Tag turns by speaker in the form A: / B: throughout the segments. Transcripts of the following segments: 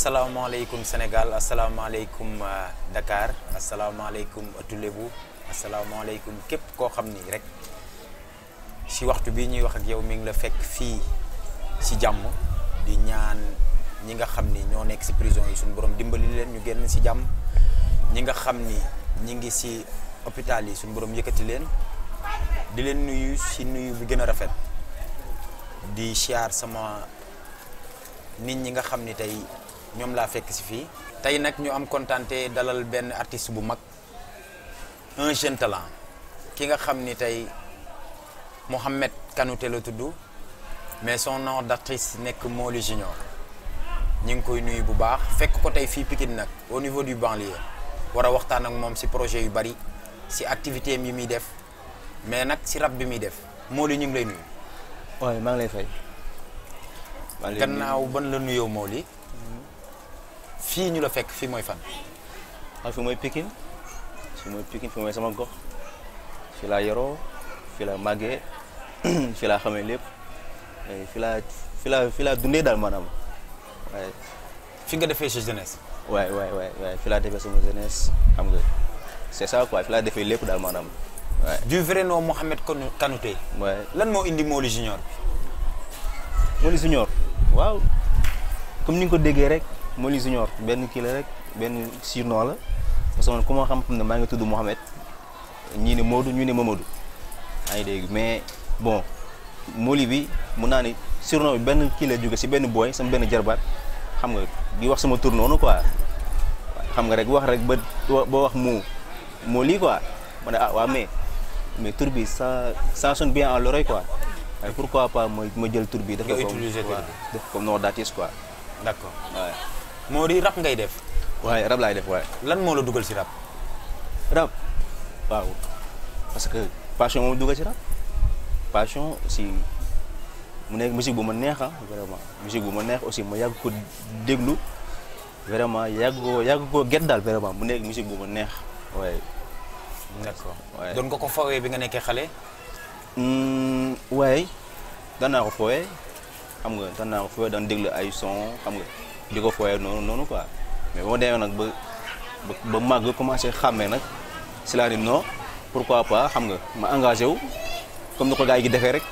A: Assalamualaikum Senegal, Assalamualaikum uh, Dakar Assalamualaikum Toulebu uh, Assalamualaikum Kip ko xamni rek ci waxtu bi ñuy wax ak yow mi ngi la fekk fi ci jamm di ñaan ñi nga xamni ño nek ci prison yi suñu borom dimbali leen ñu genn ci jamm ñi nga xamni ñi ngi ci hôpital yi suñu borom yëkëti leen di leen nuyu ci nuyu bu gëna rafet di siyaar sama nit ñi nga xamni tay ñom la fekk ci fi tay nak ñu am contenté dalal ben artiste bu mag un jeune talent ki nga xamni tay Mohamed Kanouté la tuddu mais son nom d'artiste nek Moli Junior ñu ngi koy nuyu bu baax fekk ko tay fi Pikine nak au niveau du banlieue wara waxtaan ak mom si projet yu bari si activité Mimi yi def mais nak ci rab bi mi def Moli ñu ngi lay nuyu.
B: waaw maa ngi lay fay.
A: gannaaw ban la moli fi ñu la fekk fii mooy fan.
B: ah fii mooy Pikine fii mooy Pikine fii mooy sama gox fii laa yoroo fii laa màggee fii laa xamee lépp fii laa fii laa fii laa dundee daal maanaam waaye. fi nga defee sa jeunesse. waay waay waay waay la laa defee sama jeunesse xam nga c'est ça quoi fi laa defee lépp daal maanaam waay.
A: du vrai nom Mohamed Kanouté. waay lan moo indi Moly Junior. Moly
B: Junior waaw comme ni nga ko déggee rek. Molly Junior ben kii la rek ben surnom la parce que man ku xam ne ma nga tuddu Mouhamed ñi ne Modou ñu ne Mamadou ay ngi mais bon moli bi mun naa ne surnom bi benn kii la jóge si benn booy sama ben jarbat xam nga di wax sama tur noonu quoi xam nga rek wax rek ba bo wax mu moli quoi ma ah wa mais mais tur bi ça ça sonne bien à l'oreille quoi. pourquoi pas ma ma jël tur bi. def ko comme def comme nom d'artiste quoi.
A: d'accord waaw.
B: moo di ngay def. waaye rab laay def waaye. lan moo la dugal si rab rap waaw parce que passion moom dugal si rap passion aussi mu nekk musique bu ma neexa ah vraiment bu ma neex aussi ma yàgg ko déglu vraiment yàgg koo yàgg koo get daal vraiment mu nekk musique bu ma neex waaye. d'accord waaye doon nga ko fawee bi nga nekkee xale. Hmm, waaye daan naa ko fawee xam nga daan naa ko fawee daan déglu ay son xam nga. diko ko nonou nonou quoi mais boo demee nak ba ba màgg commencé xamé nak cela dit non pourquoi pas xam nga ma engagé wu comme niko ko gi yi rek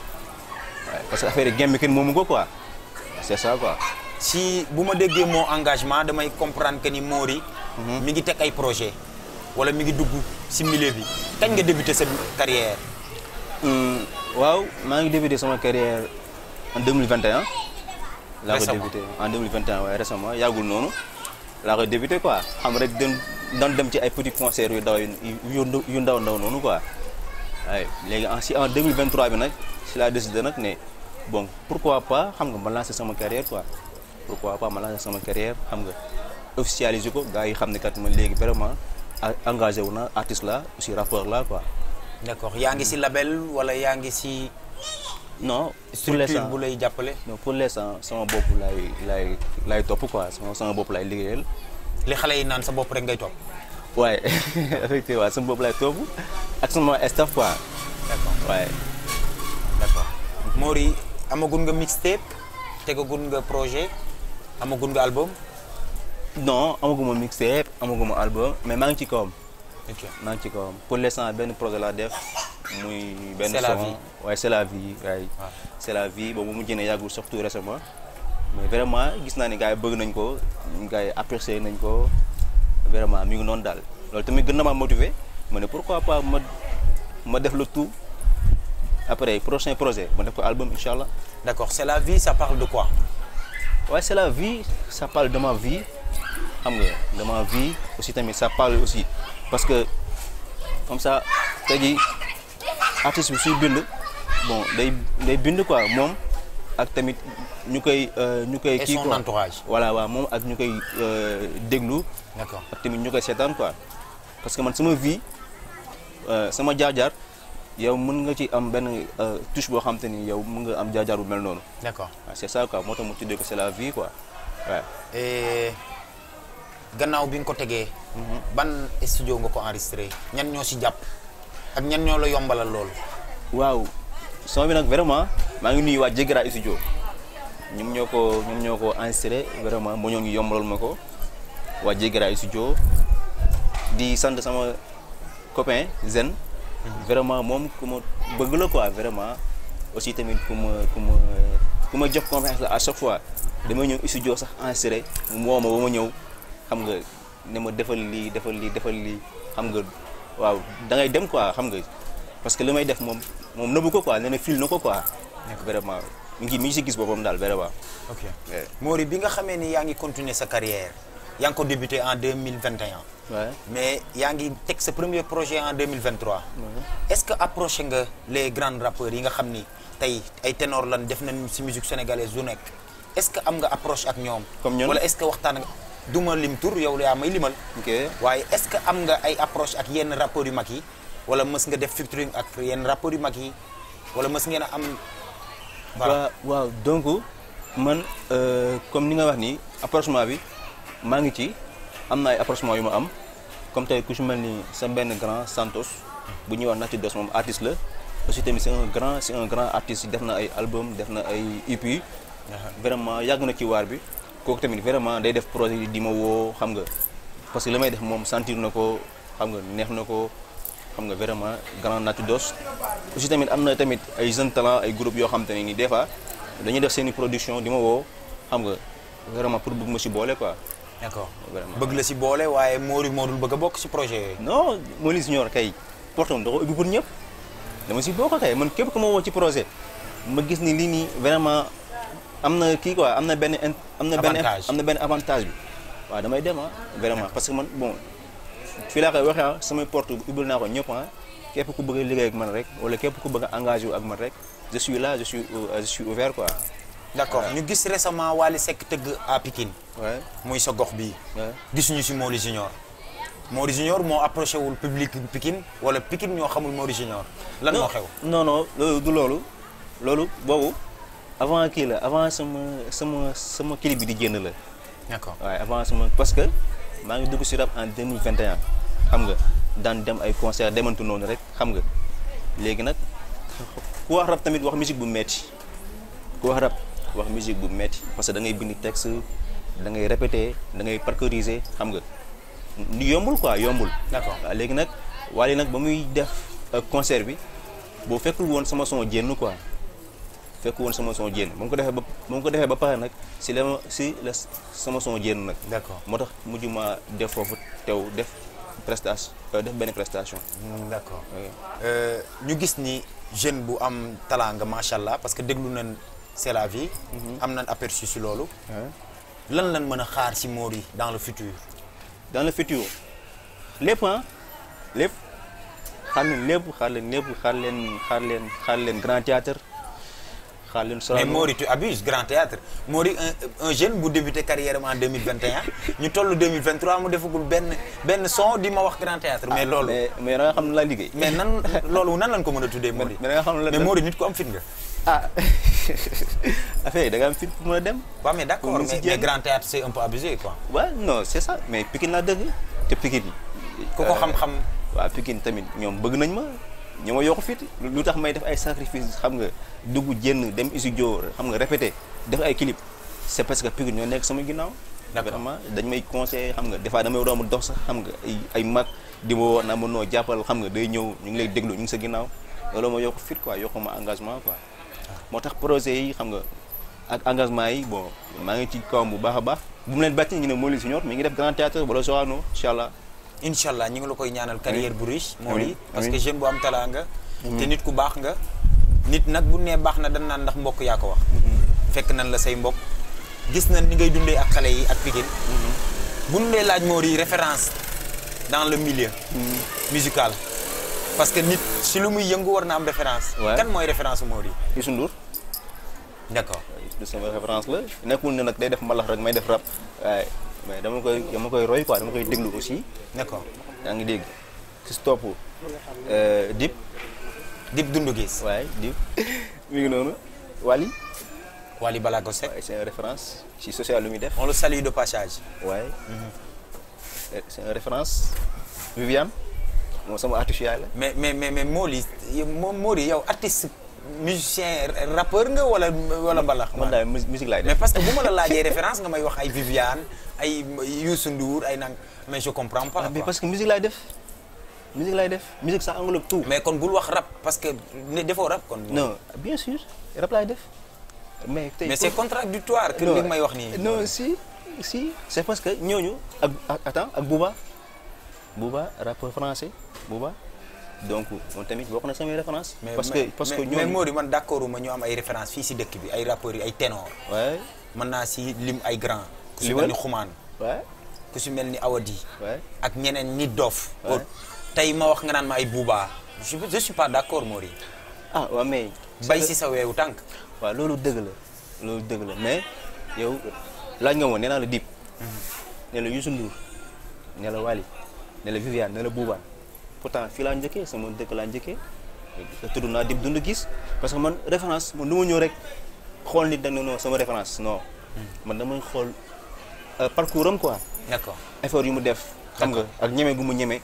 B: parce que affaire yi gémmi kenn quoi
A: c'est ça quoi. si buma déggé déggee engagement damay comprendre que ni Mori. Mhm. mi ngi tek ay projet wala mi ngi dugg ci milieu bi kañ nga débuter sa carrière
B: hmm, waaw ma ngi débuter sama carrière en 2021. La ko en 2021 il récemment a noonu non, la débuté quoi xam rek dem doon dem ci ay petits concerts yu ndaw yu ndaw ndaw noonu quoi waaye en 2023 bi nag si laa décidé nag bon pourquoi pas xam nga ma lancer sama carrière quoi pourquoi pas ma lancer sama carrière xam nga officialiser ko gars yi xam ne kat man vraiment engagé artiste la aussi rappeur là quoi.
A: d'accord yaa ngi si label wala yaa ngi si
B: non sur l'instant non pour l'instant sama bopp laay laay Les top quoi sama sama bon laay li xale yi naan sa bopp rek ngay un waaye effectivement sama d'accord d'accord Mori as nga mixtape
A: as un projet as un album.
B: non je mixtape album mais je d'album, ci je ok maa ci pour l'instant un projet la ben, c'est la vie. Oui, c'est la ah. vie c'est la vie bon moi mu jënee yàggul surtout récemment mais vraiment gis naa ne gars yi bëgg nañ ko gars yi apprécié nañ ko vraiment mi ngi noonu daal loolu tamit gën na pourquoi pas ma ma def tout après prochain projet ma def ko album Inch'Allah. d'accord c'est la vie ça parle de quoi. ouais c'est la vie ça parle de ma vie xam nga de ma vie aussi tamit ça parle aussi parce que comme ça tu dit artiste bi suy bind bon day day bind quoi moom ak tamit ñu koy euh, ñu koy. kii quoi entourage. voilà waaw moom ak ñu koy euh, déglu. d'accord ak tamit ñu koy seetaan quoi parce que man sama vie euh, sama jaar-jaar yow mën nga ci am benn touche boo xam te ni yow mën nga am jaar-jaar bu mel noonu. d'accord waaw ah, c'est ça quoi moo tax mu tuddee ko c'est la vie quoi waaw. gannaaw bi nga ko
A: tegee. Mhm. ban studio nga ko enregistré ñan ñoo si jàpp. ak ñan ñoo la yombalal
B: loolu. waaw son bi nag vraiment maa ngi nuyu waa Jégra studio ñoom ñoo ko ñoom ñoo ko enregistré vraiment moo ñoo ngi yombalal ma ko waa Jégra studio di sant sama copain Zen. vraiment moom ku ma bëgg la quoi vraiment aussi tamit ku ma ku ma ku ma jox confiance la à chaque fois. dama ñëw studio sax enregistré mu woo ma ba ma ñëw xam nga ne ma defal lii defal lii defal lii xam nga. waaw da ngay dem quoi xam nga parce que li may def moom moom nëbu ko quoi nee fil na ko quoi nekk vraiment mi ngi mi ngi si gis boppam daal vraiment. ok Mori bi nga xamee ni yaa ngi continuer sa carrière yaa ngi ko débuté en 2021. mille
A: mais yaa ngi teg sa premier projet en 2023. mille est-ce que approché nga les grands rappeurs yi nga xam ni tey ay tenor lan def nañ si musique sénégalaise du nekk est-ce que am nga approche ak ñoom. comme ñoom wala est-ce que waxtaan nga. duma lim ya yow la may limal waye est ce que am nga ay approche ak yenn rapport yu maki wala meus nga def featuring ak yenn rapport yu maki wala meus ngeen am
B: wa waaw donc man euh, comme ni nga wax ni approchement bi ma ngi ci am na ay approchement yu ma am comme tay ku ci melni sa ben grand Santos bu ñuy wax ci dess mom artiste la aussi tamit c'est un grand c'est un grand artiste def na ay album def na ay EP vraiment yag na ci war bi kok tamit vraiment day def projet di ma wo xam nga parce que lamay def mom sentir nako xam nga neex nako xam nga vraiment grand naatu dos aussi tamit amna tamit ay jeune talent ay groupe yo xam tane ni des fois dañuy def seen production di ma wo xam nga vraiment pour bëgg ma ci bolé quoi d'accord vraiment bëgg la ci bolé waye Modou Modou bëgg bok ci projet non mo li Junior kay portant do ubi pour ñep dama ci bokk kay man képp ko mo wo ci projet ma gis ni lii nii vraiment amna ki quoi amna ben amna ben na benn am avantage bi waaw damay dem ah vraiment parce que man bon fi la koy waxee ah, samay porte ubbil nako ñepp hein ah. képp ku bëgg a liggéey ak man rek wala képp ku bëgg a engagé wu ak man rek je suis là je suis euh, je suis ouvert quoi d'accord
A: ñu gis récemment Wally Seck teug à Pikine muy sa gox bii ñu ci Molly Junior Molly Junior mo approché wul public Pikine wala Pikine ño xamul Molly Junior lan mo xew
B: non non du lolu lolu boobu avant kii la avant sama sama sama clip bi di génn la. d'accord waaye avant sama parce que maa ngi dugg si rap en 2021 xam nga daan dem ay concert demantu noonu rek xam nga léegi nag ku wax rap tamit wax musique bu metti ku wax rap wax musique bu metti parce que da ngay bind texte da ngay répéter da ngay parcouriser xam nga yombul quoi yombul. d'accord waaw léegi nag waaye nag ba muy def euh, concert bi boo fekkul woon sama son génn quoi. fekk woon sama son jénn moom ko defee ba moom ko defee ba pare nag si la si la sama son jénn nag d'accord moo tax mujj ma def foofu tew def prestation eh, def benn prestation hmm, d'accord eh.
A: Eh, ñu gis ni jeune bu am talent nga macha allah parce que déglu nañ c'est la vie mhm. am nañ
B: aperçu si loolu lan lan mën a xaar si mori yi dans le futur dans le futur lépp ah lépp xaar leen lépp xaar leen lépp xaar leen xaar leen xaar leen grand théâtre Khalil mais Mori tu abuses grand théâtre
A: Mori un, un jeune bu débuté carrière en 2021 ñu toll 2023 mu defagul ben ben son di ma wax grand théâtre mais ah, lolo. mais da nga xam la ligue. mais nan loolu nan lañ ko
B: Mori mais nga xam mais Mori nit ko am fit nga ah affaire yi da nga am fit pour dem Wa mais d'accord mais, mais grand théâtre c'est un peu abusé quoi ouais non c'est ça mais Pikine laa deug. te Pikine ku ko euh, xam-xam Wa Pikine tamit ñom bëgg nañ ma ñoo ma yokk fit lu tax may def ay sacrifice xam nga dugg jënn dem studio xam nga répété def ay clip c'est parce que Pikine ñoo nekk sama ginnaaw vraiment dañ may conseillé xam nga defaa fois damay romb dox sax xam nga ay mag di ma wax naa ma noo jàppal xam nga day ñëw ñu ngi lay déglu ñu ngi sa ginnaaw loolu ma yokk fit quoi yokku ma engagement quoi ah. moo tax projet yi xam nga ak engagement yi bon maa ngi ci kawam bu baax a baax bu mu leen bàcc ñu ne Molly inshallah ñu ngi la koy ñaanal carrière bu riche moy parce que jeune bu am talaa nga
A: té nit ku bax nga nit nak bu né bax na dañ naan ndax mbokk ya ko wax mhm. fekk nan la say mbokk gis nañ ni ngay dundé ak xalé yi ak Pikine bu ñu lay laaj moo référence dans le milieu mhm. musical parce que nit ci lu muy yëngu war na am référence kan moy
B: référence Mori, di Youssou Ndour d'accord de sama référence là nekul ne nak day def malax rek may def rap mais dama koy dama koy roy quoi dama koy déglu aussi. d'accord yaa ngi dégg. su euh Dip. Dip Doundou Guiss. ouais Dip mi ngi noonu Wally. Wally Balago Seck.
A: c'est une référence ci social lu mi def. on le salue de passage. waay mhm. euh, c'est une référence. Viviane moom sama artiste Mais, mais mais mais moli yow Mawli yow artiste. musicien rappeur nga wala wala mbalax. man daal musique laay def mais parce que bu ma la laajee référence nga may wax ay Viviane ay Youssou Ndour ay nang mais je comprends pas. Ah, parce que musique laay def. musique lay def musique sa englobe tou mais kon bul wax rap parce que ne defoo rap kon. non
B: bien sûr rap laay def. mais tey mais c'est
A: contradictoire
B: que li may wax nii. non si si c'est parce que ñooñu ak ak attends ak Booba Booba rappeur français Booba. donc on tamit bokk na samay référence parce que parce que ñoom Mody man
A: d'accord ma ñu am ay référence fii
B: si dëkk bi ay rappeurs yi ay ténor waay
A: man naa si lim ay grand ku si mel ni xumaan waay ku si mel ni awadi ak ñeneen nit doof tey ma wax nga naan ma ay buubaa je suis pas d'accord Mody
B: ah waaw mais bay si sa weewu tànk waaw loolu dëgg la loolu dëgg la mais yow laaj nga woon nee naa la Dip mhm. ne la Youssou Ndour ne la Wally ne la Viviane ne la Boubane pourtant fi laa njëkkee sama dëkk laa da tuddu naa dib dund gis parce que man référence man du ma ñëw rek xool nit dañ nga non sama référence non hmm. man damay xool eh, parcours am quoi d'accord effort yu mu def xam nga ak ñeme bu mu ñeme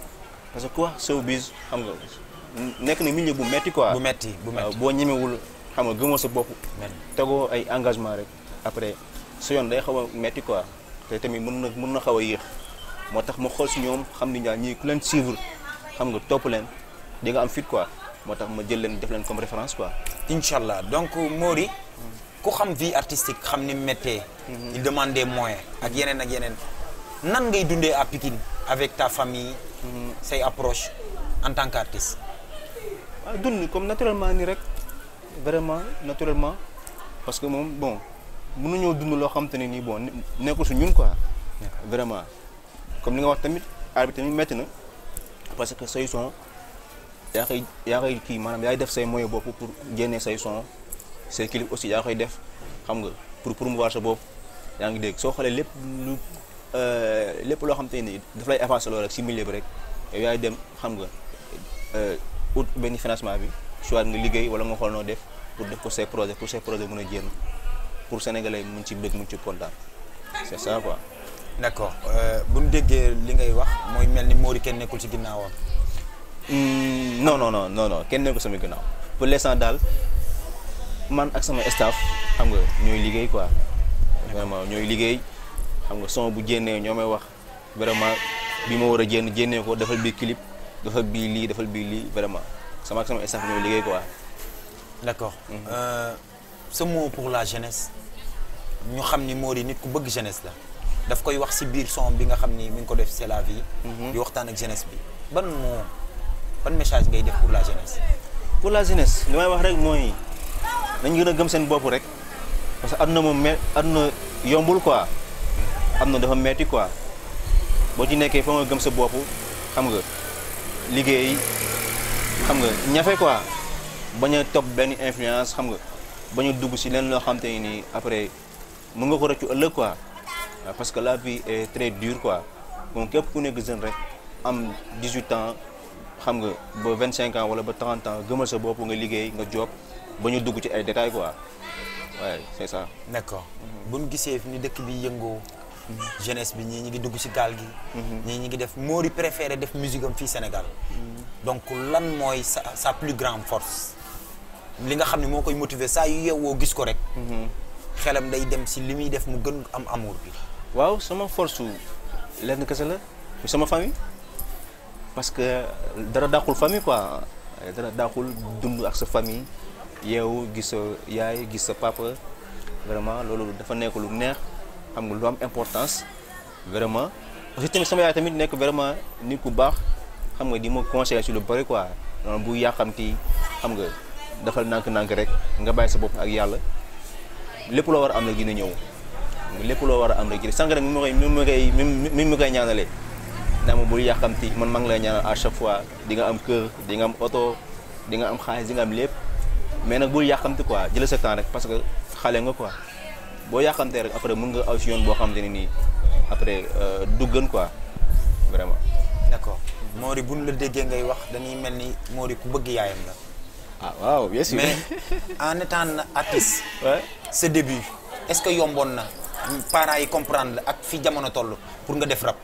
B: parce que quoi biz xam nga nekk na milieu bu metti quoi bu metti eh, bu metti boo ñemewul xam nga gëmoo sa bopp tegoo ay engagement rek après su yoon day xaw a metti quoi te tamit mën na mën na xaw a yéex iya. moo tax ma xool si ñoom xam ni ñaa ñii ku leen suivre xam nga topp leen di nga am fit quoi moo tax ma jël leen def leen comme référence quoi. inshallah donc Mori. ku xam vie artistique xam ni méttee. il
A: demande des moyens ak yeneen ak yeneen. nan ngay dundee à Pikine avec ta famille. say approche en tant qu'artiste.
B: Ah, dund comme naturellement ni rek vraiment naturellement parce que moom bon mënuñoo dund loo xam te ne nii bon nekkul su ñun quoi. vraiment comme li nga wax tamit aar tamit métti na. parce que say son yaa koy yaa koy kii maanaam yaay def say moyens bopp pour génnee say son say clip aussi yaa koy def xam nga pour promouvoir sa bopp yaa ngi dégg soo xoolee lépp lu euh, lépp loo xam te ni daf lay avancer loolu rek si milieu bi rek yow yaay dem xam nga euh, ut benn financement bi soit nga liggéey wala nga xool noo def pour def ko say projet pour say projet mën a jéem pour sénégalais yi mun ci bëgg mun ci kontaan c'est ça quoi.
A: D'accord. que bu ñu li ngay wax
B: ni Mori hmm, non non non non non que sama pour l'instant sandales, man ak sama staff xam nga ñooy quoi. vraiment ñooy liggéey xam nga son bu jénnee ñoo wax vraiment bi a ko defal bii clip defal bii je suis bii lii vraiment sama ak staff quoi.
A: Hmm. Euh, ce mot pour la jeunesse Nous savons ni les nit jeunesse daf koy wax si biir son bi nga xam ni mi ngi ko def c'est la vie.
B: Mhm. di waxtaan ak jeunesse bi
A: ban moo ban message ngay def pour la jeunesse.
B: pour la jeunesse li may wax rek mooy dañ gën a gëm seen bopp rek parce que àdduna moom me àdduna yombul quoi àdduna dafa metti quoi boo ci nekkee foo nga gëm sa bopp xam nga liggéey xam nga ñafe quoi bañ a topp benn influence xam nga bañ dugg si leen loo xam te nii après mën nga ko rëccu ëllëg quoi. Euh, parce que la vie est très dure quoi donc képp ku nekk jeune rek am 18 ans xam nga ba 25 ans wala ba 30 ans gëmal sa bop nga liggéey nga job ba ñu dugg ci ay détails quoi Ouais, c'est ça.
A: d'accord mhm. bu ñu gisee ni dëkk bi yëngo mhm. jeunesse bi ñii ñi ngi dugg ci gal gi. Mhm. ñii ñi ngi def Mori préféré def musique am fii Sénégal. donc lan mooy sa sa plus grande force. li nga xam ne moo koy motiver saa yu yeewoo gis ko rek. xelam day dem ci li muy def mu gën am amour bi.
B: waaw sama force su lenn kese la sama famille parce que dara dàqul famille quoi dara dàqul dund ak sa famille yow gis sa yaay gis sa papa vraiment loolu dafa nekk lu neex xam nga lu am importance vraiment aussi tamit tamit nekk vraiment nit ku baax xam nga di ma conseiller ci lu bëri quoi noonu bu yàqamti xam nga dafal nànk-nànk rek nga bàyyi sa bopp ak yàlla lépp loo war am na dina ñëw lépp luar war a am rek ci sànq nag mi ma koy mi ma koy mi ma koy ñaanalee naa ma bul yàqamti man maa ngi lay ñaanal à chaque fois di nga am kër di nga am oto di nga am xaalis di nga am lépp mais nag bul yàqamti quoi jël sa temps rek parce que xale nga quoi boo yàqamtee rek après mun nga aw si yoon boo vraiment. Mori bu ñu la ngay wax Mori ku bëgg yaayam la. ah waaw bien sûr mais
A: en étant artiste. ouais. ce début est ce que na. parents yi comprendre la ak fi jamono toll pour nga def rab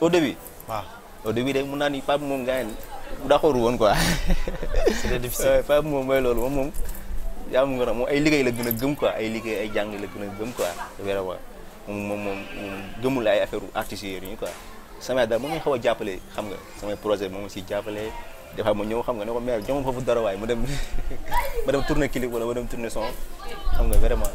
A: au
B: début. waaw au début de mun naa ni Pape moom gars yi d'accord woon quoi. c'est difficile Pape moom mooy loolu moom moom. yaa ngi moom ay liggéey la gën a gëm quoi ay liggéey ay jàng la gën gëm quoi vraiment moom moom moom gëmul ay affaire artistes yooyu quoi. sama dara moom nga xaw a jàppale xam nga samay projet moom si jàppale des fois ma ñëw xam nga ne ko mais jamono foofu dara waaye ma dem ma dem tourner clip wala ma dem tourner son xam nga vraiment.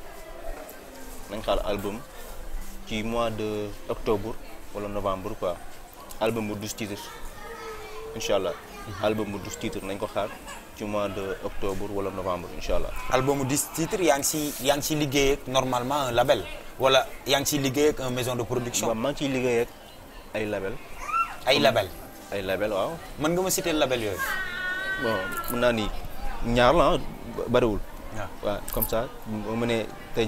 B: nañ xaar album ci mois de octobre wala novembre quoi album bu dus titre inshallah album bu dus titre nañ ko xaar ci mois de octobre wala
A: novembre inshallah album bu dus titre yang ci yang ci liggéey normalement un label wala yang ci liggéey ak une eh, maison de production ba man ci liggéey ak ay label ay ya. label ay label waaw man nga ma citer label yoy
B: bon mën na ni ñaar la bariwul wa comme ça mo mené tay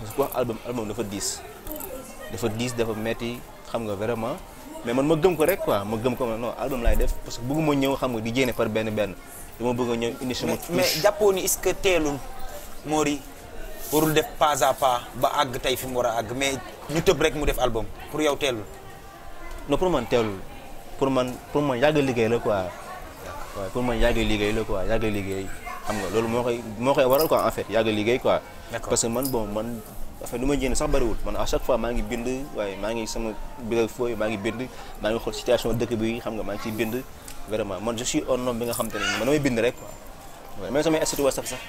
B: parce que ku wax album album dafa diis dafa diis dafa metti xam nga vraiment mais man ma gëm ko rek quoi ma gëm ko ma no album laay def parce que bëgguma ñëw xam nga di jéene par benn benn dama bëgg a ñëw indi sama mais
A: jàppoo ni est-ce que teelul Mori warul def pas à ba àgg tey fi mu war a àgg mais
B: ñu tëb rek mu def album pour yow teelul non pour man teelul pour man pour man yàgg liggéey la quoi waaw pour man yàgg liggéey la ko quoi yàgg liggéey xam nga loolu moo koy moo koy waral quoi en fait yàgg liggéey quoi. parce que man bon man en fait lu ma jënd sax bariwul man à chaque fois maa ngi bind waaye maa ngi sama biral fooy maa ngi bind maa ngi xool situation dëkk bi xam nga maa ngi ciy bind vraiment man je suis un homme bi nga xam te ne man damay bind rek quoi mais samay statut WhatsApp sax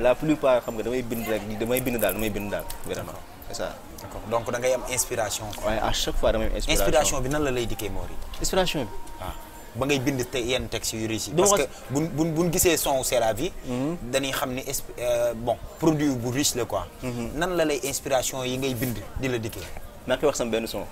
B: la plupart xam nga damay bind rek damay bind daal damay bind daal vraiment c'est ça. d'accord donc da ngay am inspiration. waaye à chaque fois damay am inspiration inspiration bi nan la lay dikkee Mori. inspiration bi waaw.
A: Ah ba ngay bind te yenn texte yu riche parce que bu bu buñ gisee son c'est la vie mhm. dañuy
B: xam ni euh, bon produit bu riche le quoi mhm. nan la lay inspiration yi ngay bind di la dikkee maa ngi wax sama benn son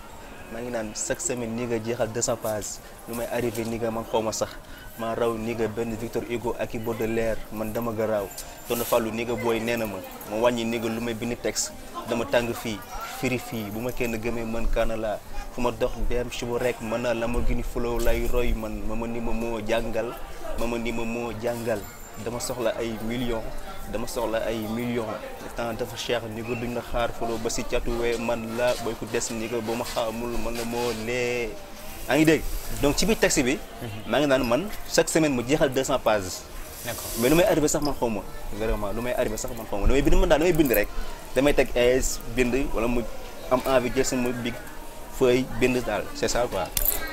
B: maa ngi naan chaque semaine ni nga jeexal 200 pages lu arrivé ni nga man xaw ma sax maa raw ni nga benn Victor Hugo ak i Baudelaire man dama garaaw doon fàllu ni nga booy nee ma ma wàññi ni nga lu may bind texte dama tàng fi firi fii bu ma kenn gëmee man kaana laa fu ma dox dem suba rek mën na Lamborghini flow lay roy man mama ni ma moo jàngal mama ni ma moo jàngal dama soxla ay millions dama soxla ay millions temps dafa cher ni ko duñ xaar flow ba si catuwee man la booy ko des ni ko ma xamul man na moo lee yaa ngi dégg donc ci biir texte bi mhm. maa ngi naan man chaque semaine mu jeexal 200 pages mais lu may arrivé sax man xaw ma vraiment lu may arrivé sax man xaw ma damay bind man daal damay bind rek damay teg aise bind wala mu am envie jël sama big feuille bind daal c'est ça quoi.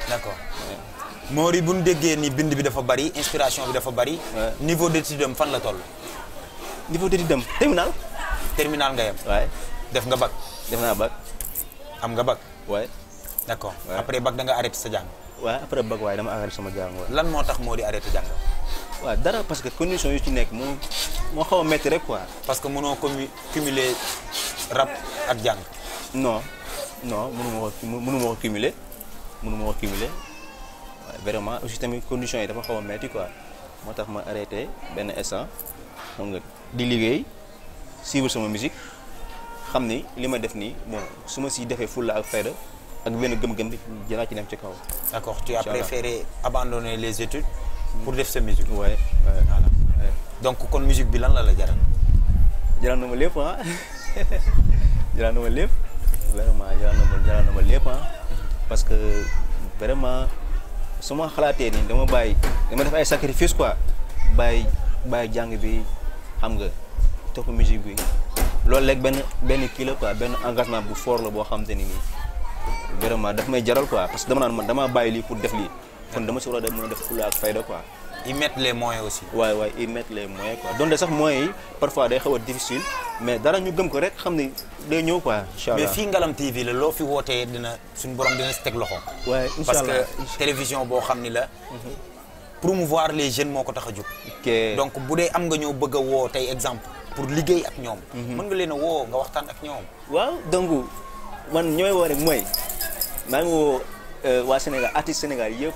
A: d'accord Mori bu ñu déggee ni bind bi dafa bari inspiration bi dafa bari. niveau d'étude am fan la toll.
B: niveau de am terminal.
A: terminal nga yem. waay def nga bac. def naa bac.
B: am nga bac. waay. d'accord après bac da nga arrêté sa jàng. waaw après bac waaye dama arrêté sama jàng lan moo tax Mori arrêté jàng. Ouais, dara parce que condition yu ci nekk moo moo xaw a métti rek quoi. parce que mënoo commu cumuler rap ak jàng. non non mënuma ko mënuma ko cumuler mënuma ko cumuler vraiment aussi tamit conditions yi dafa xaw a quoi moo tax ma arrêté benn instant xam nga di liggéey suivre sama musique xam ni li ma def nii bon su ma si defee fulla ak fayda ak benn gëm-gëm dinaa ci dem ci kaw.
A: d'accord tu as préféré abandonner les études. pour def sa musique ouais voilà donc kon musique bi lan
B: la la jaral jaral na ma lepp ah jaral na ma lepp vraiment jaral na ma jaral na ma lepp hein ah. parce que vraiment suma ma ni dama bay dama def ay sacrifice quoi bay bay jang bi xam nga top musique bi lolou léegi ben ben kilo quoi ben engagement bu fort la bo xam te ni vraiment daf may jaral quoi parce que dama nan dama bay li pour def li kon dama ci war a def mën a def fulla ak fayda quoi. ils mettent les moyens aussi. waaw waaw ils mettent les moyens quoi donc sax moyens yi parfois day xaw a difficile mais dara ñu gëm ko rek xam ni day ñëw quoi. incha allah mais fii Ngalam
A: TV la loo fi wootee dina suñu borom dina si teg loxo.
B: waaye parce que
A: télévision boo xam ni la. Mhm. promouvoir les jeunes moo ko tax a jóg. donc bu dee am nga ñoo bëgg a woo
B: tey exemple pour liggéey ak ñoom. Mhm. mën nga leen a woo nga waxtaan ak ñoom. waaw donc man ñooy woo rek mooy maa ngi woo euh, waa Sénégal artiste Sénégal yëpp.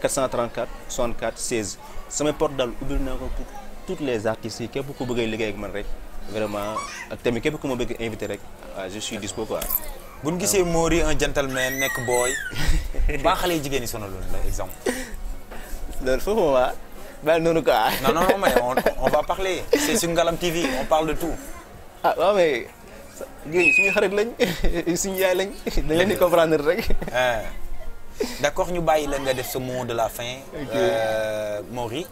B: 434 64 16 sama porte dans ubbil naa ko pour toutes les artistes qui képp ku bëgg a liggéey ak man rek vraiment ak tamit qui beaucoup ma bëgg inviter rek ah, je suis dispo quoi.
A: bu ñu Mori un gentleman nek boy. baa xale yu jigéen ñi sonaloon la exemple.
B: loolu foofu waa ah, Ben noonu quoi. non non non mais on, on va parler c'est sur Ngalam TV on parle de tout. ah waaw mais. suñu xarit lañ suñu yaay lañ. dañ leen di comprendre rek.
A: Eh. d'accord ñu bàyyi la nga def mot de la fin. Euh, Mori.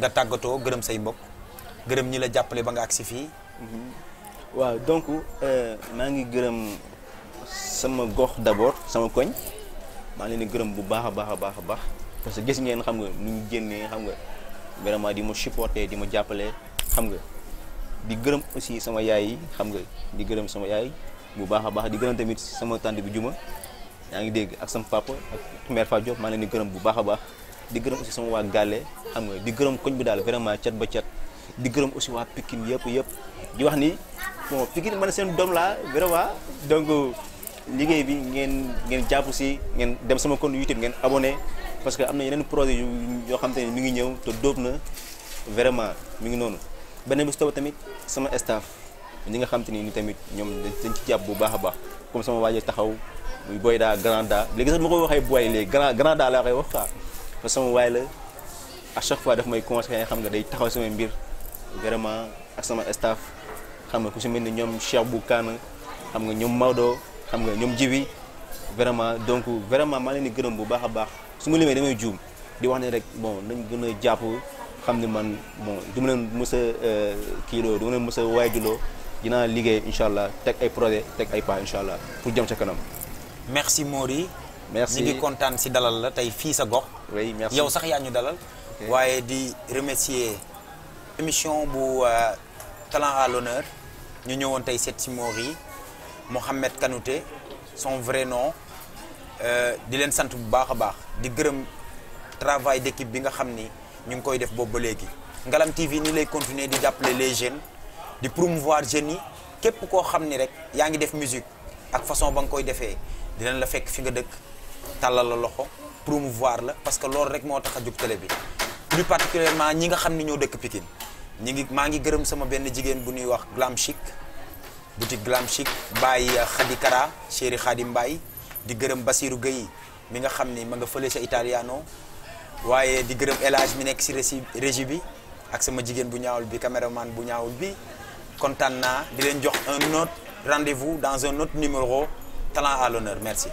A: nga tàggatoo gërëm say mbokk gërëm ñi la jàppale ba nga agsi
B: fii. Mhm. donc euh, maa ngi gërëm sama gox d'abord sama koñ maa ngi leen di bu baax a baax baax parce que gis ngeen xam nga nu ñu génnee xam nga vraiment di mo supporter di ma jàppale xam nga di gërem aussi sama yaay xam nga di gërem sama yaay bu baaxa baax di gërem tamit sama tante bi juma yaa ngi dégg ak sama papa ak mère Fatou Diop maa leen di gërëm bu baax a baax di gërëm aussi sama waa Gallé xam nga di gërëm koñ bi daal vraiment cat ba cat di gërëm aussi waa Pikine yëpp yëpp di wax ni bon Pikine man seen doom laa vraiment donc liggéey bi ngeen ngeen jàpp si ngeen dem sama compte YouTube ngeen abonné parce que am na yeneen projet yu yoo xam te ni mi ngi ñëw te dóob na vraiment mi ngi noonu beneen bi si tamit sama staff ñi nga xam te ni tamit ñoom dañ ci jàpp bu baax a baax comme sama waajee taxaw muy Boy Da Grand Da léegi sax ma ko waxee booy léegi grand grand Da laa koy wax quoi parce que sama waay la à chaque fois daf may conseiller xam nga day taxaw sama mbir vraiment ak sama staff xam nga ku si mel ni ñoom Cheikh bu Kaana xam nga ñoom Maodo xam nga ñoom Jibi vraiment donc vraiment maa leen di gërëm bu baax a baax su ma limee damay juum di wax rek bon nañ gën a jàpp xam ne man bon du ma leen mës a euh, kiiloo du ma leen mës a waajuloo dinaa liggéey incha allah teg ay projet teg ay pas incha allah pour jëm sa kanam.
A: merci Mori. merci ñu ngi si dalal la tey fii sa gox. oui merci yow sax yaa ñu dalal. waaye di remercier émission bu euh, talent à l'honneur ñu on ta seet si Mori Mohamed Kanouté son vrai nom euh, di leen sant bu baax di gërëm travail d'équipe bi nga xam ni ñu ngi koy def boobu ba Ngalam TV nii lay continuer di jàppale les jeunes di promouvoir jeunes képp koo xam rek yaa ngi def musique ak façon ba nga koy dinañ la fekk fi nga dëkk talal la loxo promouvoir la parce que loolu rek moo tax a jóg télé bi plus particulièrement ñi nga xam ni ñoo dëkk Pikine ñi ngi maa ngi gërëm sama benn jigéen bu ñuy wax Glam Chic boutique Glam Chic Baye Khady Kara chéri Khady Mbaye di gërëm Basirou Gueye mi nga xam ni ma nga fële sa Italiano waaye di gërëm élage mi nekk si régie bi ak sama jigéen bu ñaawul bi cameraman bu ñaawul bi kontaan naa di leen jox un autre rendez-vous dans un autre numéro talent à l'honneur merci